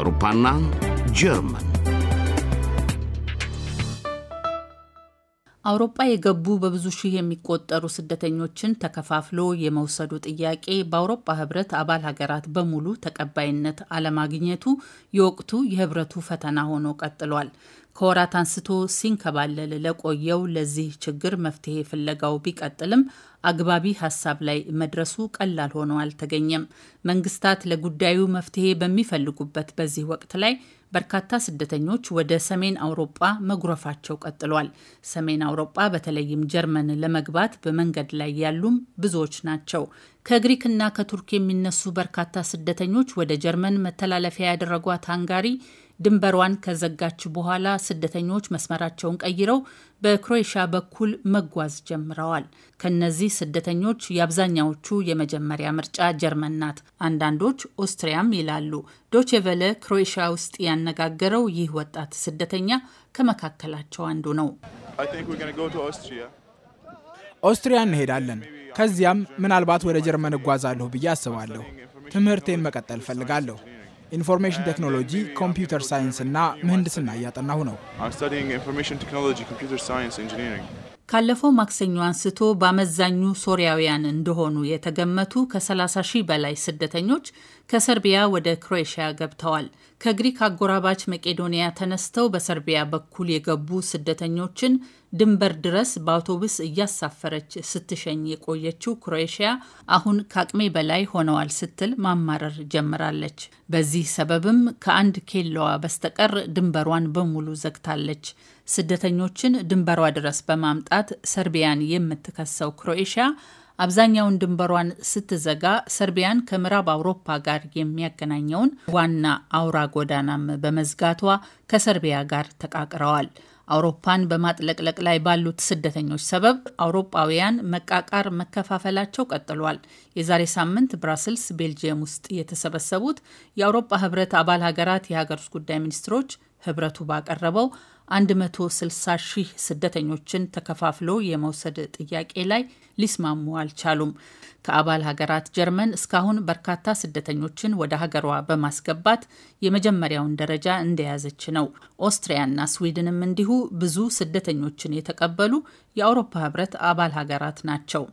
አውሮፓና ጀርመን አውሮፓ የገቡ በብዙ ሺህ የሚቆጠሩ ስደተኞችን ተከፋፍሎ የመውሰዱ ጥያቄ በአውሮፓ ህብረት አባል ሀገራት በሙሉ ተቀባይነት አለማግኘቱ የወቅቱ የህብረቱ ፈተና ሆኖ ቀጥሏል። ከወራት አንስቶ ሲንከባለል ለቆየው ለዚህ ችግር መፍትሄ ፍለጋው ቢቀጥልም አግባቢ ሀሳብ ላይ መድረሱ ቀላል ሆኖ አልተገኘም። መንግስታት ለጉዳዩ መፍትሄ በሚፈልጉበት በዚህ ወቅት ላይ በርካታ ስደተኞች ወደ ሰሜን አውሮጳ መጉረፋቸው ቀጥሏል። ሰሜን አውሮጳ በተለይም ጀርመን ለመግባት በመንገድ ላይ ያሉም ብዙዎች ናቸው። ከግሪክና ከቱርክ የሚነሱ በርካታ ስደተኞች ወደ ጀርመን መተላለፊያ ያደረጓት ሃንጋሪ ድንበሯን ከዘጋች በኋላ ስደተኞች መስመራቸውን ቀይረው በክሮኤሽያ በኩል መጓዝ ጀምረዋል። ከነዚህ ስደተኞች የአብዛኛዎቹ የመጀመሪያ ምርጫ ጀርመን ናት፣ አንዳንዶች ኦስትሪያም ይላሉ። ዶቼቨለ ክሮኤሽያ ውስጥ ያነጋገረው ይህ ወጣት ስደተኛ ከመካከላቸው አንዱ ነው። ኦስትሪያ እንሄዳለን፣ ከዚያም ምናልባት ወደ ጀርመን እጓዛለሁ ብዬ አስባለሁ። ትምህርቴን መቀጠል እፈልጋለሁ። ኢንፎርሜሽን ቴክኖሎጂ፣ ኮምፒውተር ሳይንስ እና ምህንድስና እያጠናሁ ነው። ካለፈው ማክሰኞ አንስቶ በአመዛኙ ሶሪያውያን እንደሆኑ የተገመቱ ከ30 ሺህ በላይ ስደተኞች ከሰርቢያ ወደ ክሮኤሽያ ገብተዋል። ከግሪክ አጎራባች መቄዶንያ ተነስተው በሰርቢያ በኩል የገቡ ስደተኞችን ድንበር ድረስ በአውቶቡስ እያሳፈረች ስትሸኝ የቆየችው ክሮኤሽያ አሁን ከአቅሜ በላይ ሆነዋል ስትል ማማረር ጀምራለች። በዚህ ሰበብም ከአንድ ኬላዋ በስተቀር ድንበሯን በሙሉ ዘግታለች። ስደተኞችን ድንበሯ ድረስ በማምጣት ሰርቢያን የምትከሰው ክሮኤሽያ አብዛኛውን ድንበሯን ስትዘጋ ሰርቢያን ከምዕራብ አውሮፓ ጋር የሚያገናኘውን ዋና አውራ ጎዳናም በመዝጋቷ ከሰርቢያ ጋር ተቃቅረዋል። አውሮፓን በማጥለቅለቅ ላይ ባሉት ስደተኞች ሰበብ አውሮፓውያን መቃቃር መከፋፈላቸው ቀጥሏል። የዛሬ ሳምንት ብራስልስ ቤልጅየም ውስጥ የተሰበሰቡት የአውሮፓ ህብረት አባል ሀገራት የሀገር ውስጥ ጉዳይ ሚኒስትሮች ህብረቱ ባቀረበው 160 ሺህ ስደተኞችን ተከፋፍሎ የመውሰድ ጥያቄ ላይ ሊስማሙ አልቻሉም። ከአባል ሀገራት ጀርመን እስካሁን በርካታ ስደተኞችን ወደ ሀገሯ በማስገባት የመጀመሪያውን ደረጃ እንደያዘች ነው። ኦስትሪያና ስዊድንም እንዲሁ ብዙ ስደተኞችን የተቀበሉ የአውሮፓ ህብረት አባል ሀገራት ናቸው።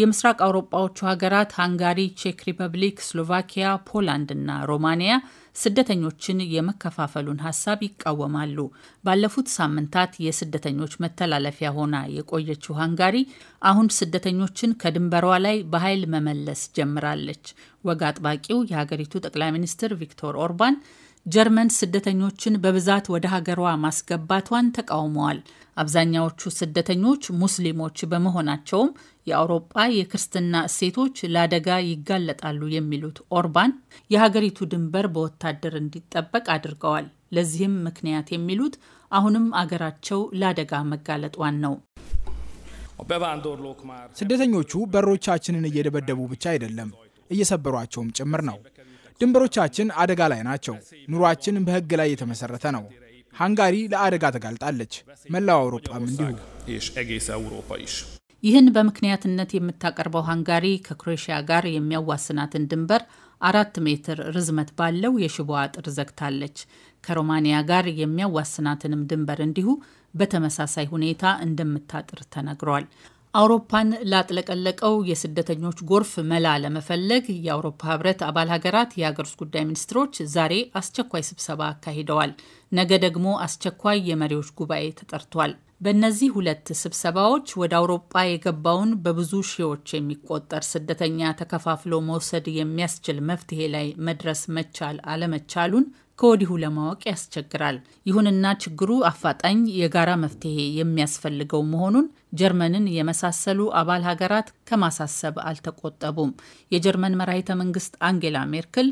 የምስራቅ አውሮፓዎቹ ሀገራት ሃንጋሪ፣ ቼክ ሪፐብሊክ፣ ስሎቫኪያ፣ ፖላንድ እና ሮማኒያ ስደተኞችን የመከፋፈሉን ሀሳብ ይቃወማሉ። ባለፉት ሳምንታት የስደተኞች መተላለፊያ ሆና የቆየችው ሃንጋሪ አሁን ስደተኞችን ከድንበሯ ላይ በኃይል ኃይል መመለስ ጀምራለች። ወግ አጥባቂው የሀገሪቱ ጠቅላይ ሚኒስትር ቪክቶር ኦርባን ጀርመን ስደተኞችን በብዛት ወደ ሀገሯ ማስገባቷን ተቃውመዋል። አብዛኛዎቹ ስደተኞች ሙስሊሞች በመሆናቸውም የአውሮጳ የክርስትና እሴቶች ለአደጋ ይጋለጣሉ የሚሉት ኦርባን የሀገሪቱ ድንበር በወታደር እንዲጠበቅ አድርገዋል። ለዚህም ምክንያት የሚሉት አሁንም አገራቸው ለአደጋ መጋለጧን ነው። ስደተኞቹ በሮቻችንን እየደበደቡ ብቻ አይደለም እየሰበሯቸውም ጭምር ነው። ድንበሮቻችን አደጋ ላይ ናቸው። ኑሯችን በሕግ ላይ የተመሰረተ ነው። ሃንጋሪ ለአደጋ ተጋልጣለች። መላው አውሮፓም እንዲሁ። ይህን በምክንያትነት የምታቀርበው ሃንጋሪ ከክሮኤሽያ ጋር የሚያዋስናትን ድንበር አራት ሜትር ርዝመት ባለው የሽቦ አጥር ዘግታለች። ከሮማኒያ ጋር የሚያዋስናትንም ድንበር እንዲሁ በተመሳሳይ ሁኔታ እንደምታጥር ተነግሯል። አውሮፓን ላጥለቀለቀው የስደተኞች ጎርፍ መላ ለመፈለግ የአውሮፓ ህብረት አባል ሀገራት የሀገር ውስጥ ጉዳይ ሚኒስትሮች ዛሬ አስቸኳይ ስብሰባ አካሂደዋል። ነገ ደግሞ አስቸኳይ የመሪዎች ጉባኤ ተጠርቷል። በእነዚህ ሁለት ስብሰባዎች ወደ አውሮጳ የገባውን በብዙ ሺዎች የሚቆጠር ስደተኛ ተከፋፍሎ መውሰድ የሚያስችል መፍትሄ ላይ መድረስ መቻል አለመቻሉን ከወዲሁ ለማወቅ ያስቸግራል። ይሁንና ችግሩ አፋጣኝ የጋራ መፍትሄ የሚያስፈልገው መሆኑን ጀርመንን የመሳሰሉ አባል ሀገራት ከማሳሰብ አልተቆጠቡም። የጀርመን መራሂተ መንግስት አንጌላ ሜርክል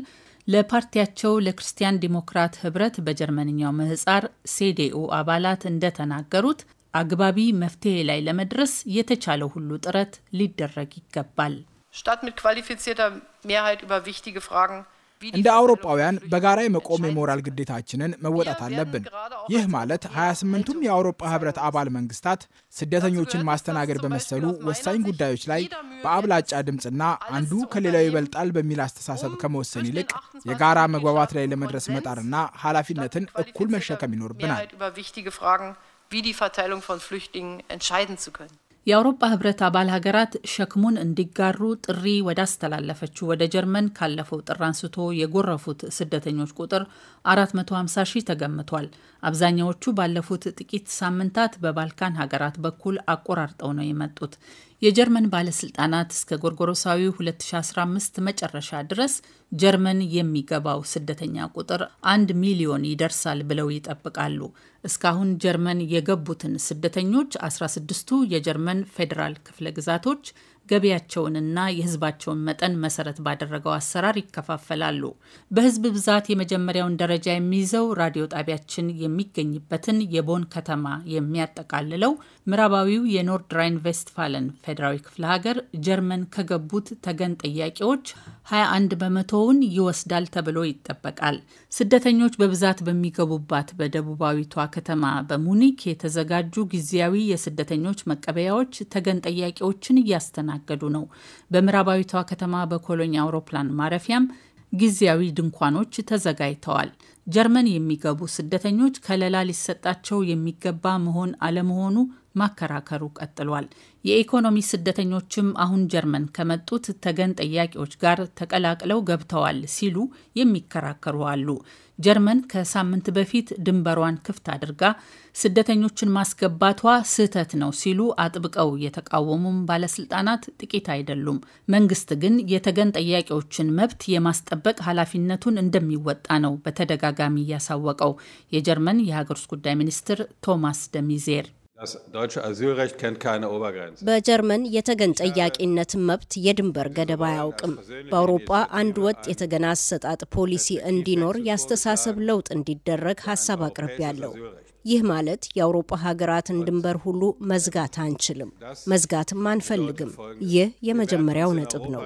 ለፓርቲያቸው ለክርስቲያን ዲሞክራት ህብረት በጀርመንኛው ምህጻር ሴዴኡ አባላት እንደተናገሩት አግባቢ መፍትሄ ላይ ለመድረስ የተቻለ ሁሉ ጥረት ሊደረግ ይገባል። እንደ አውሮፓውያን በጋራ የመቆም የሞራል ግዴታችንን መወጣት አለብን። ይህ ማለት 28ቱም የአውሮፓ ህብረት አባል መንግስታት ስደተኞችን ማስተናገድ በመሰሉ ወሳኝ ጉዳዮች ላይ በአብላጫ ድምፅና አንዱ ከሌላው ይበልጣል በሚል አስተሳሰብ um ከመወሰን ይልቅ የጋራ መግባባት ላይ ለመድረስ መጣርና ኃላፊነትን እኩል መሸከም ይኖርብናል። wie die Verteilung von Flüchtlingen entscheiden zu können። የአውሮፓ ህብረት አባል ሀገራት ሸክሙን እንዲጋሩ ጥሪ ወዳስተላለፈችው ወደ ጀርመን ካለፈው ጥር አንስቶ የጎረፉት ስደተኞች ቁጥር 450 ሺህ ተገምቷል። አብዛኛዎቹ ባለፉት ጥቂት ሳምንታት በባልካን ሀገራት በኩል አቆራርጠው ነው የመጡት። የጀርመን ባለስልጣናት እስከ ጎርጎሮሳዊ 2015 መጨረሻ ድረስ ጀርመን የሚገባው ስደተኛ ቁጥር አንድ ሚሊዮን ይደርሳል ብለው ይጠብቃሉ። እስካሁን ጀርመን የገቡትን ስደተኞች 16ቱ የጀርመን ፌዴራል ክፍለ ግዛቶች ገቢያቸውንና የህዝባቸውን መጠን መሰረት ባደረገው አሰራር ይከፋፈላሉ። በህዝብ ብዛት የመጀመሪያውን ደረጃ የሚይዘው ራዲዮ ጣቢያችን የሚገኝበትን የቦን ከተማ የሚያጠቃልለው ምዕራባዊው የኖርድ ራይን ቬስትፋለን ፌዴራዊ ክፍለ ሀገር ጀርመን ከገቡት ተገን ጥያቄዎች 21 በመቶውን ይወስዳል ተብሎ ይጠበቃል። ስደተኞች በብዛት በሚገቡባት በደቡባዊቷ ከተማ በሙኒክ የተዘጋጁ ጊዜያዊ የስደተኞች መቀበያዎች ተገን ጠያቂዎችን እያስተናል እየተስተናገዱ ነው። በምዕራባዊቷ ከተማ በኮሎኝ አውሮፕላን ማረፊያም ጊዜያዊ ድንኳኖች ተዘጋጅተዋል። ጀርመን የሚገቡ ስደተኞች ከለላ ሊሰጣቸው የሚገባ መሆን አለመሆኑ ማከራከሩ ቀጥሏል። የኢኮኖሚ ስደተኞችም አሁን ጀርመን ከመጡት ተገን ጠያቂዎች ጋር ተቀላቅለው ገብተዋል ሲሉ የሚከራከሩ አሉ። ጀርመን ከሳምንት በፊት ድንበሯን ክፍት አድርጋ ስደተኞችን ማስገባቷ ስህተት ነው ሲሉ አጥብቀው የተቃወሙም ባለስልጣናት ጥቂት አይደሉም። መንግስት ግን የተገን ጠያቂዎችን መብት የማስጠበቅ ኃላፊነቱን እንደሚወጣ ነው በተደጋጋሚ እያሳወቀው የጀርመን የሀገር ውስጥ ጉዳይ ሚኒስትር ቶማስ ደሚዜር Das deutsche Asylrecht kennt keine Obergrenze. በጀርመን የተገን ጠያቂነት መብት የድንበር ገደብ አያውቅም። በአውሮጳ አንድ ወጥ የተገን አሰጣጥ ፖሊሲ እንዲኖር የአስተሳሰብ ለውጥ እንዲደረግ ሀሳብ አቅርቤያለሁ። ይህ ማለት የአውሮጳ ሀገራትን ድንበር ሁሉ መዝጋት አንችልም፣ መዝጋትም አንፈልግም። ይህ የመጀመሪያው ነጥብ ነው።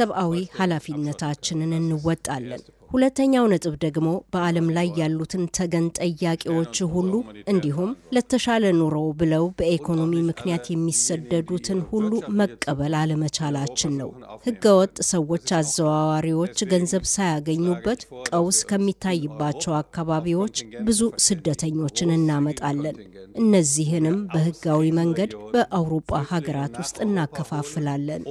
ሰብአዊ ኃላፊነታችንን እንወጣለን። ሁለተኛው ነጥብ ደግሞ በዓለም ላይ ያሉትን ተገን ጠያቂዎች ሁሉ እንዲሁም ለተሻለ ኑሮው ብለው በኢኮኖሚ ምክንያት የሚሰደዱትን ሁሉ መቀበል አለመቻላችን ነው። ህገወጥ ሰዎች አዘዋዋሪዎች ገንዘብ ሳያገኙበት ቀውስ ከሚታይባቸው አካባቢዎች ብዙ ስደተኞችን እናመጣለን። እነዚህንም በህጋዊ መንገድ በአውሮፓ ሀገራት ውስጥ እናከፋፍላለን።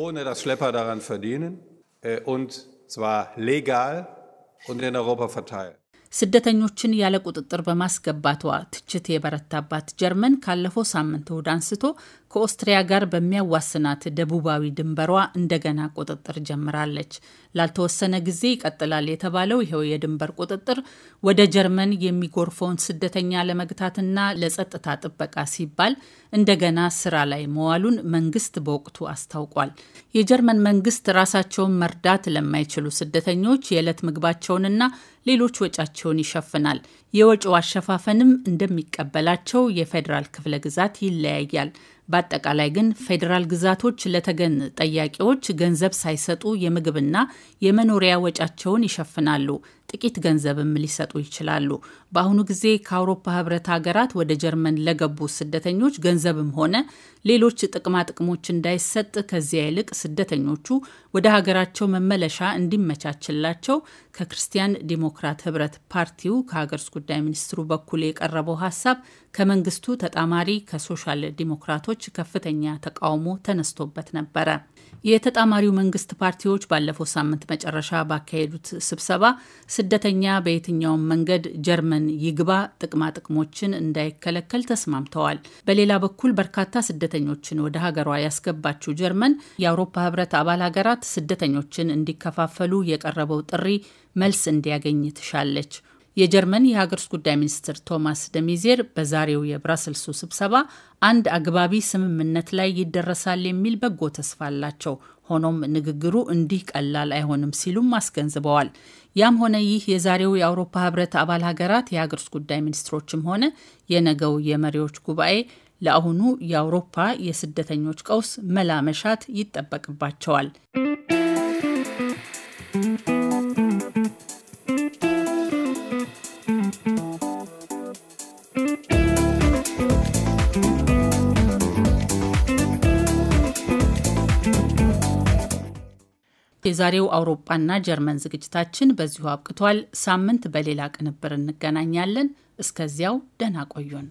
und in Europa verteilt. ስደተኞችን ያለ ቁጥጥር በማስገባቷ ትችት የበረታባት ጀርመን ካለፈው ሳምንት እሁድ አንስቶ ከኦስትሪያ ጋር በሚያዋስናት ደቡባዊ ድንበሯ እንደገና ቁጥጥር ጀምራለች። ላልተወሰነ ጊዜ ይቀጥላል የተባለው ይኸው የድንበር ቁጥጥር ወደ ጀርመን የሚጎርፈውን ስደተኛ ለመግታትና ለጸጥታ ጥበቃ ሲባል እንደገና ስራ ላይ መዋሉን መንግስት በወቅቱ አስታውቋል። የጀርመን መንግስት ራሳቸውን መርዳት ለማይችሉ ስደተኞች የዕለት ምግባቸውንና ሌሎች ወጫቸውን ይሸፍናል። የወጪው አሸፋፈንም እንደሚቀበላቸው የፌዴራል ክፍለ ግዛት ይለያያል። በአጠቃላይ ግን ፌዴራል ግዛቶች ለተገን ጠያቂዎች ገንዘብ ሳይሰጡ የምግብና የመኖሪያ ወጫቸውን ይሸፍናሉ። ጥቂት ገንዘብም ሊሰጡ ይችላሉ። በአሁኑ ጊዜ ከአውሮፓ ህብረት ሀገራት ወደ ጀርመን ለገቡ ስደተኞች ገንዘብም ሆነ ሌሎች ጥቅማ ጥቅሞች እንዳይሰጥ ከዚያ ይልቅ ስደተኞቹ ወደ ሀገራቸው መመለሻ እንዲመቻችላቸው ከክርስቲያን ዲሞክራት ህብረት ፓርቲው ከሀገር ውስጥ ጉዳይ ሚኒስትሩ በኩል የቀረበው ሀሳብ ከመንግስቱ ተጣማሪ ከሶሻል ዲሞክራቶች ከፍተኛ ተቃውሞ ተነስቶበት ነበረ። የተጣማሪው መንግስት ፓርቲዎች ባለፈው ሳምንት መጨረሻ ባካሄዱት ስብሰባ ስደተኛ በየትኛውም መንገድ ጀርመን ይግባ ጥቅማ ጥቅሞችን እንዳይከለከል ተስማምተዋል። በሌላ በኩል በርካታ ስደተኞችን ወደ ሀገሯ ያስገባችው ጀርመን የአውሮፓ ሕብረት አባል ሀገራት ስደተኞችን እንዲከፋፈሉ የቀረበው ጥሪ መልስ እንዲያገኝ ትሻለች። የጀርመን የሀገር ውስጥ ጉዳይ ሚኒስትር ቶማስ ደሚዜር በዛሬው የብራስልሱ ስብሰባ አንድ አግባቢ ስምምነት ላይ ይደረሳል የሚል በጎ ተስፋ አላቸው። ሆኖም ንግግሩ እንዲህ ቀላል አይሆንም ሲሉም አስገንዝበዋል። ያም ሆነ ይህ የዛሬው የአውሮፓ ህብረት አባል ሀገራት የሀገር ውስጥ ጉዳይ ሚኒስትሮችም ሆነ የነገው የመሪዎች ጉባኤ ለአሁኑ የአውሮፓ የስደተኞች ቀውስ መላ መሻት ይጠበቅባቸዋል። የዛሬው አውሮፓና ጀርመን ዝግጅታችን በዚሁ አብቅቷል። ሳምንት በሌላ ቅንብር እንገናኛለን። እስከዚያው ደህና ቆዩን።